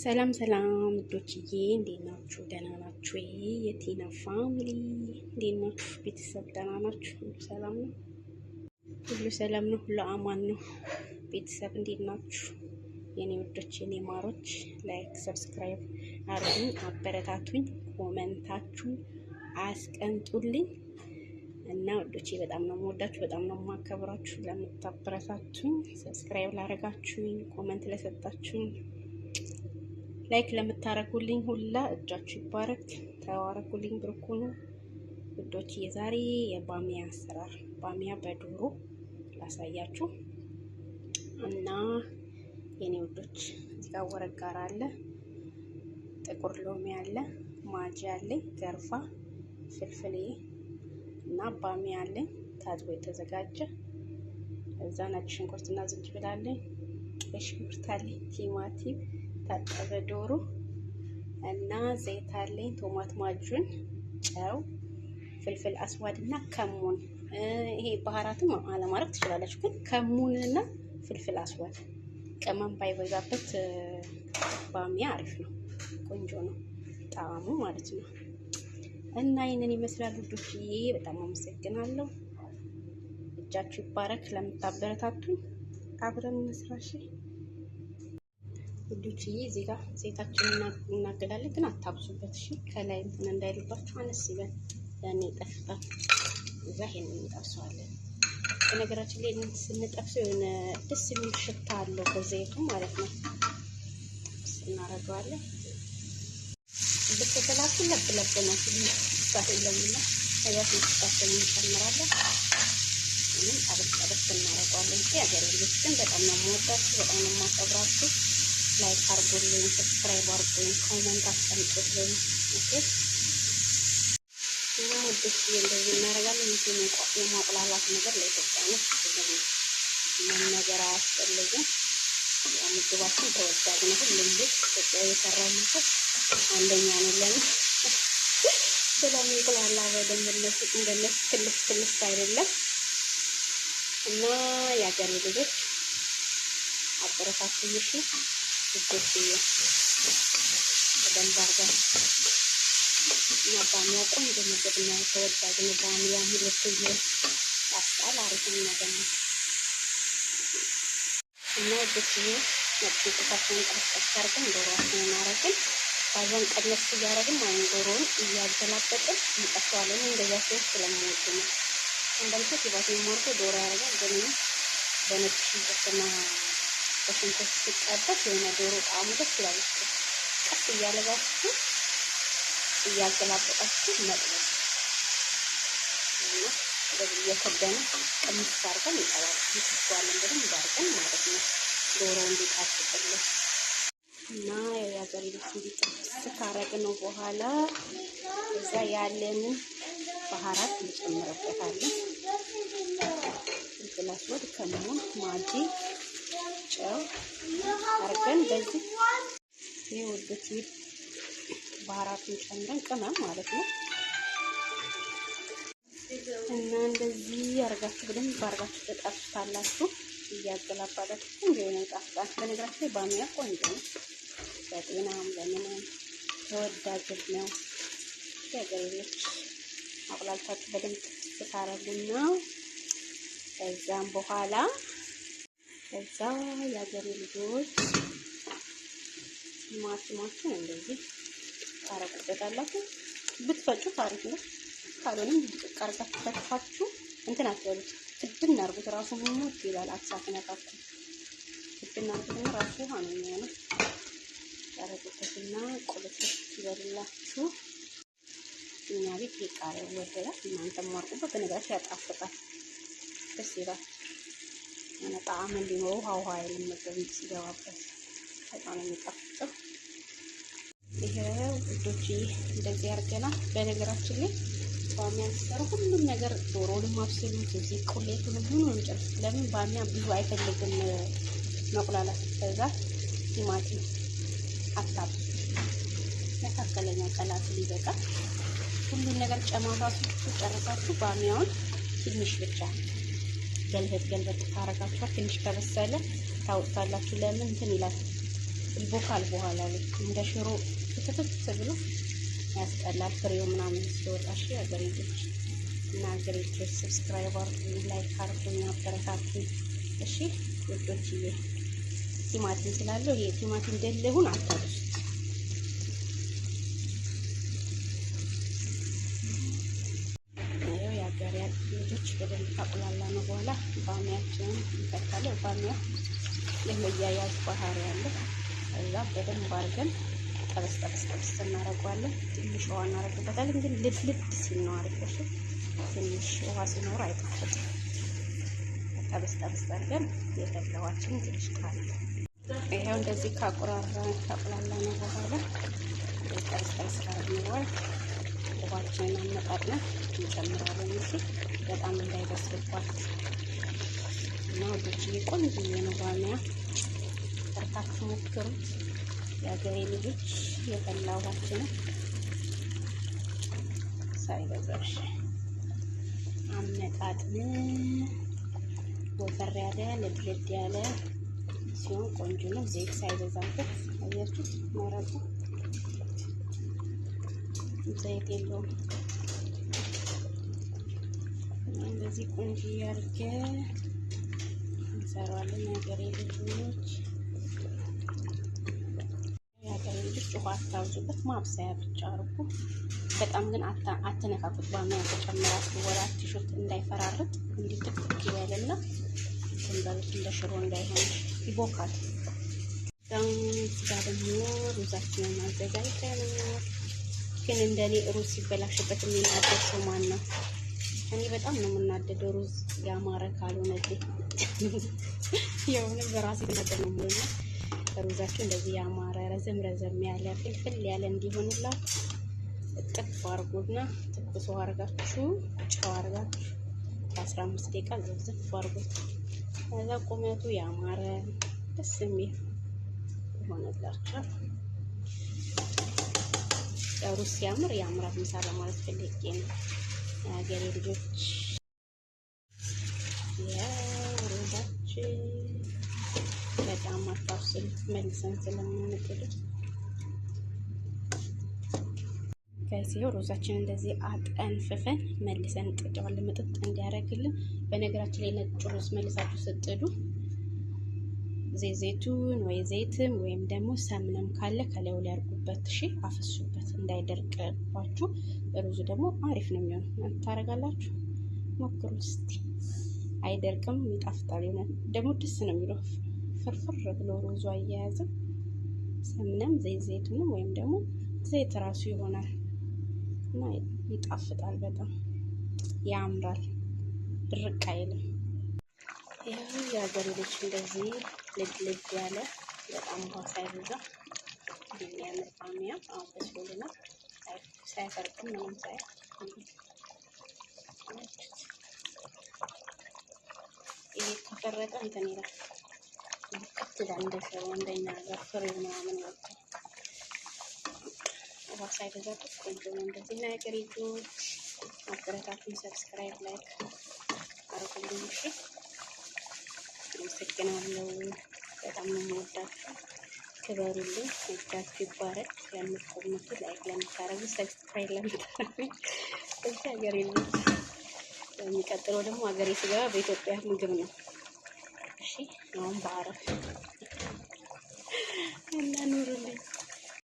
ሰላም ሰላም ውዶችዬ እንዴት ናችሁ? ደህና ናችሁ? የቲና ፋሚሊ እንዴት ናችሁ? ቤተሰብ ደህና ናችሁ? ሁሉ ሰላም ነው፣ ሁሉ ሰላም ነው፣ ሁሉ አማን ነው። ቤተሰብ እንዴት ናችሁ? የኔ ውዶች፣ የኔ ማሮች፣ ላይክ ሰብስክራይብ አርጉኝ፣ አበረታቱኝ፣ ኮመንታችሁ አስቀምጡልኝ እና ውዶቼ በጣም ነው የምወዳችሁ፣ በጣም ነው የማከብራችሁ። ለምታበረታቱኝ፣ ሰብስክራይብ ላረጋችሁኝ፣ ኮመንት ለሰጣችሁኝ ላይክ ለምታረጉልኝ ሁላ እጃችሁ ይባረክ። ተዋረጉልኝ ብርኩኑ ውዶች። የዛሬ የባሚያ አሰራር ባሚያ በዶሮ ላሳያችሁ እና የኔ ውዶች እዚጋ ወረጋር አለ፣ ጥቁር ሎሚ አለ፣ ማጂ አለኝ፣ ገርፋ ፍልፍሌ እና ባሚያ አለኝ ታጥቦ የተዘጋጀ እዛ ነጭ ሽንኩርትና ዝንጅብል አለኝ፣ ሽንኩርት አለኝ፣ ቲማቲም የታጠበ ዶሮ እና ዘይት አለኝ፣ ቶማት ማጁን፣ ጨው፣ ፍልፍል አስዋድ እና ከሙን። ይሄ ባህራትም አለማድረግ ትችላለች ግን ከሙን እና ፍልፍል አስዋድ ቅመም ባይበዛበት ባሚያ አሪፍ ነው። ቆንጆ ነው ጣዕሙ ማለት ነው። እና ይህንን ይመስላል ይሄ በጣም አመሰግናለሁ። እጃችሁ ይባረክ ለምታበረታቱኝ አብረን መስራሽ ውዶችዬ እዚህ ጋር ዘይታችንን እናገዳለን፣ ግን አታብዙበት። እሺ ከላይ እንትን እንዳይልባችሁ አነስ ይበል። ያኔ ይጠፍጣል። እዛ ይሄንን እንጠብሰዋለን። በነገራችን ላይ ስንጠብሰው የሆነ ደስ የሚል ሽታ አለው በዘይቱ ማለት ነው። እናደርገዋለን። ብትበላችሁ ለብ ለብ ነው ሳት ለምና ከዚያ ስንስጣቸውን እንጨምራለን። ይህም ጠበስ ጠበስ እናረገዋለን። እ ሀገር ልጅ ግን በጣም ነው የምወዳችሁ፣ በጣም ነው የማከብራችሁ ላይክ አርጉልኝ፣ ሰብስክራይብ አርጉኝ፣ ኮመንት አስቀምጡልኝ። ኦኬ እና ውድስ እንደዚህ እናደርጋለን። ይህ የማቁላላት ነገር ለኢትዮጵያኖች ምንም ነገር አያስፈልግም። ምግባችን ተወዳጅ ነው። ሁሉም ልጅ ኢትዮጵያ የሰራው ምግብ አንደኛ ነው። ለምን ስለሚቁላላ በደንብ እነሱ እንደነሱ ክልፍ ክልፍ አይደለም እና የአገሬ ልጆች አበረታቱኝ እሺ። ሽንኩርት በደንብ አርገን እና ባሚያ ቆንጆ ምግብ ነው። ተወዳጅ ነው ባሚያ። ሁለት ጊዜ ያስጣል። አሪፍ ነገር ነው እና ውዶች ይሄ ነጭ አርገን ዶሮዋችንን አረግን ባዛን ቀነስ እያደረግን አሁን ዶሮውን እያገላበጥን እንጠፋዋለን። እንደዚያ ሰዎች ስለሚወዱ ነው። አንዳንድ ሰው ቲማቲም ዶሮ ያደርጋል። ግን በነጭ ሽንኩርትና በሽንኩርት ሲጠበስ የሆነ ዶሮ ጣዕሙ ደስ ይላል። ቀስ እያለባችሁ እያገላበጣችሁ መጥበስ እና እንደዚህ እየከደነ ቅምስ አድርገን ይጠባል። ይስኳለን በደንብ አድርገን ማለት ነው። ዶሮ እንዲጣፍጥልን እና የያዘር ልጅ እንዲጠብስ ነው በኋላ እዛ ያለን ባህራት እንጨምርበታለን። ግላስ ወድ ከመሆን ማጂ ጨው አርገን በዚህ ይህ ውዱት ባህራቱን ጨምረን ቅመም ማለት ነው እና እንደዚህ አርጋችሁ በደንብ አርጋችሁ ተጣፍታላችሁ እያገላባላችሁ ቆንጆ ነው ይጣፍጣል። በነገራችን ላይ ባሚያ ቆንጆ ነው፣ ለጤናም ለምንም ተወዳጅ ነው። ያገሬዎች አቁላልታችሁ በደንብ ስታረጉና ከዛም በኋላ ከዛ የአገሬ ልጆች ቲማቲማችን እንደዚህ ታረጉበታላችሁ። ብትፈጩ ታሪክ ነው። ካልሆነም ቀርጋችሁ ተጥፋችሁ እንትን አትበሉት። ክድን አርጉት። ራሱ ሁሉ ይላል። አትሳትነካኩ ክድን አርጉት። ራሱ ነው የሚሆነው ያረጉበትና ቁልፍ ይበልላችሁ። እኛ ቤት የቃሪያ ወደላ እናንተም አድርጉበት። በነገራችሁ ያጣፍጣል፣ ደስ ይላል። የሆነ ጣዕም እንዲኖረው ውሃ ውሃ አይልም። ሲገባበት በጣም የሚጣፍጠው ይሄ ውዶች፣ እንደዚህ አድርገናል። በነገራችን ላይ ባሚያን ሲሰራ ሁሉም ነገር ዶሮንም አብስሉት፣ እዚህ ሁሉ ነው ጨርስ። ለምን ባሚያ ብዙ አይፈልግም መቁላላት፣ በዛ ቲማቲም አታብ መካከለኛ ቀላቱ ሊበቃ ሁሉም ነገር ጨማታችሁ ጨርሳችሁ ባሚያውን ትንሽ ብቻ ገልበጥ ገልበጥ ካረጋችኋት ትንሽ ከበሰለ ታውጣላችሁ። ለምን እንትን ይላል ይቦካል በኋላ ላይ እንደ ሽሮ ፍትፍት ብሎ ያስጠላል። ፍሬው ምናምን ሲወጣ ሺ ልጆች እና አገሬ ሰብስክራይበር ሰብስክራይብ አድርጉኝ፣ ላይክ አድርጉኝ፣ አበረታቱኝ። እሺ ውዶችዬ ቲማቲም ስላለው ይሄ ቲማቲም ደለሁን አታውቁ ድንች በደንብ ካቁላላ ነው በኋላ ባሚያችንን እንከታለን። ባሚያ የመያያዝ ባህሪ ያለ እዛ በደንብ አድርገን ጠበስ ጠበስ ጠበስ እናደርገዋለን። ትንሽ ውሃ እናደርግበታለን። ግን ልብልብ ሲል ነው አሪፍ። እሺ ትንሽ ውሃ ሲኖር አይጣፍጥም። ጠበስ ጠበስ አድርገን የፈለዋችን ትንሽ ቃል ይኸው እንደዚህ ካቁራራ ካቁላላ ነው በኋላ ጠበስ ጠበስ ካደረግን በኋላ ውሃችንን አመጣጥነን እንጨምራለን እዚህ በጣም እንዳይበስልባት እና ወዶች ቆንጆዬ ነው። ባሚያ ሰርታችሁ ሞክሩት። የሀገሬ ልጆች ነው ሳይበዛሽ አመጣጥን ወፈር ያለ ለድለድ ያለ ሲሆን ቆንጆ ነው። ዘይት ሳይበዛበት አያችሁ መረቁ ዘይት የለውም። እንደዚህ ቆንጆ እያርገ እንሰራለን። የሀገሬ ልጆች የሀገሬ ልጆች ውሃ አታብዙበት፣ ማብሰያ ብቻ አርጉ። በጣም ግን አትነካኩት። ባና ተጨምራችሁ ወላ ቲሹት እንዳይፈራርጥ እንዲጥቅጥቅ ይበልና ትንበሉት እንደ ሽሮ እንዳይሆን ይቦካል። እዚጋ ደግሞ ሩዛችንን አዘጋጅተናል። ግን እንደኔ ሩዝ ሲበላሽበት የሚናደድ ሰው ማን ነው? እኔ በጣም ነው የምናደደው ሩዝ ያማረ ካልሆነ የሆነ በራሴ ነገር ነው ሆነ ሩዛችሁ እንደዚህ ያማረ ረዘም ረዘም ያለ ፍልፍል ያለ እንዲሆንላችሁ እጥፍ አርጎና ትኩሶ አርጋችሁ ጨው አርጋችሁ ከአስራ አምስት ደቂቃ ዘፍዘፍ አርጎት ከዛ ቁመቱ ያማረ ደስ የሚል ይሆንላችሁ። ሩዝ ሲያምር ያምራት ምሳሌ ማለት ፈልጌ ነው። የሀገሬ ልጆች ሮዛችን በጣም አታብስል መልሰን ስለምንጥል ከዚህ ሮዛችን እንደዚህ አጠንፍፈን መልሰን እንጥደዋለን። መጠጥ እንዲያደርግልን። በነገራችን ላይ ነጭ ሮዝ መልሳችሁ ስጥዱ ዜዜቱን ወይ ዘይትም ወይም ደግሞ ሰምንም ካለ ከላዩ ላይ አርጉበት። እሺ አፍሱበት እንዳይደርቅባችሁ። ሩዙ ደግሞ አሪፍ ነው የሚሆነው። ታደርጋላችሁ፣ ሞክሩ እስቲ። አይደርቅም፣ ይጣፍጣል። ይሆናል ደግሞ ደስ ነው የሚለው ፍርፍር ብሎ ሩዙ አያያዝም። ሰምንም ዘይቱንም ወይም ደግሞ ዘይት ራሱ ይሆናል እና ይጣፍጣል፣ በጣም ያምራል፣ ድርቅ አይልም። ይህ የሀገር ልጅ እንደዚህ ልድ ልድ ያለ በጣም ውሃ ሳይበዛ የሚያምር ባሚያ አሁን በስሎልናል። ሳያፈርቅም ምንም ሳያ ይሄ ከፈረጠ እንትን ይላል ብቅት ይላል። እንደ ሽሮ እንደኛ ሀገር ፍሬ ምናምን ወጥቶ ውሃ ሳይበዛ ቆንጆ ነው። እንደዚህ ና የሀገሬ ልጆች አበረታቱን። ሰብስክራይብ ላይክ አርጉልኝ እሺ። አመሰግናለሁ። በጣም ነው የምወዳችሁ። ክበሩልኝ፣ እጃችሁ ይባረክ። ለምትቆምቱ ላይክ ለምታረጉ፣ ሰብስክራይብ ለምታረጉ እዚህ ሀገር የለም። የሚቀጥለው ደግሞ ሀገሬ ስገባ በኢትዮጵያ ምግብ ነው። እሺ አሁን በአረብ እና ኑሩልኝ።